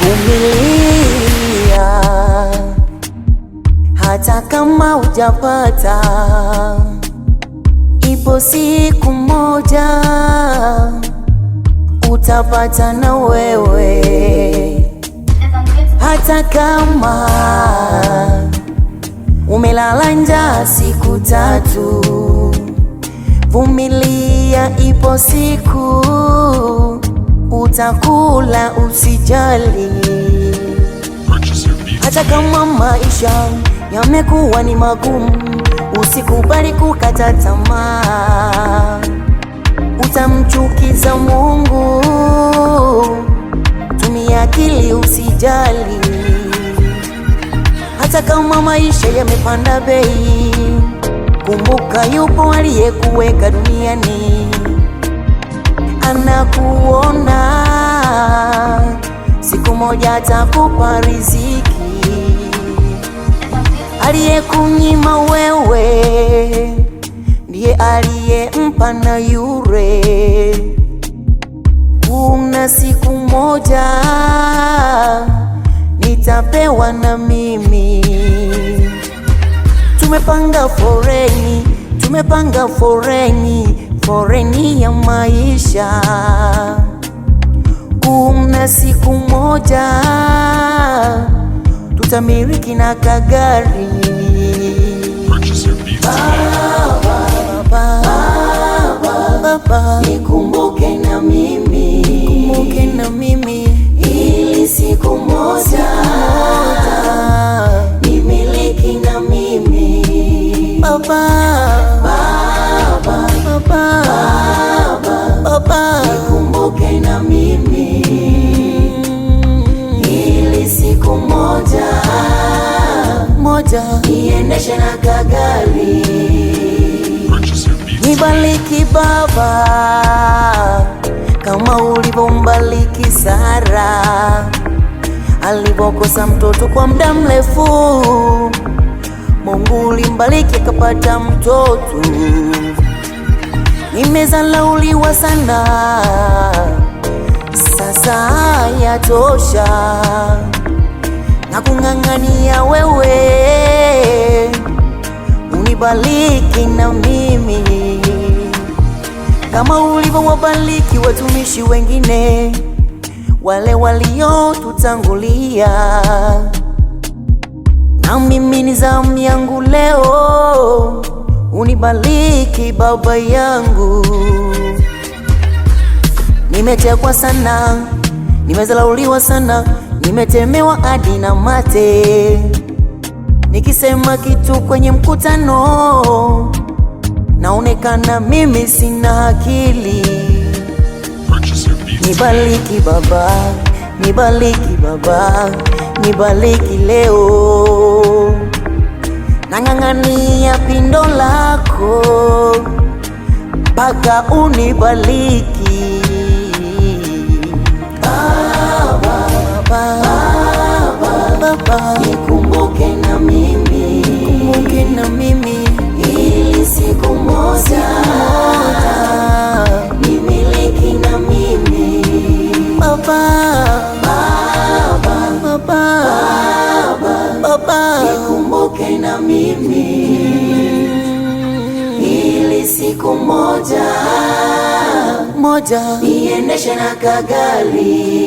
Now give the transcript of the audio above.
Vumilia hata kama ujapata ipo siku moja utapata na wewe hata kama umelala njaa siku tatu, vumilia, ipo siku utakula, usijali. Hata kama maisha yamekuwa ni magumu, usikubali kukata tamaa, utamchukiza Mungu. Tumia akili, usijali hata kama maisha yamepanda bei, kumbuka yupo aliyekuweka duniani, anakuona siku moja atakupa riziki. Aliyekunyima wewe ndiye aliyempa na yure. Kuna siku moja nitapewa nami Tumepanga foreni, tumepanga foreni, foreni ya maisha. Kuna siku moja tutamiliki na kagari. Baba, baba, baba, baba, baba. niendeshe na kagari, nibaliki Baba kama ulivyombariki Sara alivyokosa mtoto kwa muda mrefu. Mungu ulimbaliki akapata mtoto. Nimezalauliwa sana, sasa yatosha na kung'ang'ania wewe, unibariki na mimi kama ulivyowabariki watumishi wengine wale waliotutangulia, na mimi ni zamu yangu leo, unibariki Baba yangu. Nimetekwa sana, nimezalauliwa sana nimetemewa hadi na mate, nikisema kitu kwenye mkutano naonekana mimi sina akili. Nibaliki Baba, nibaliki Baba, nibaliki leo, nang'ang'ania pindo lako mpaka unibaliki. siku moja moja niendeshe na kagari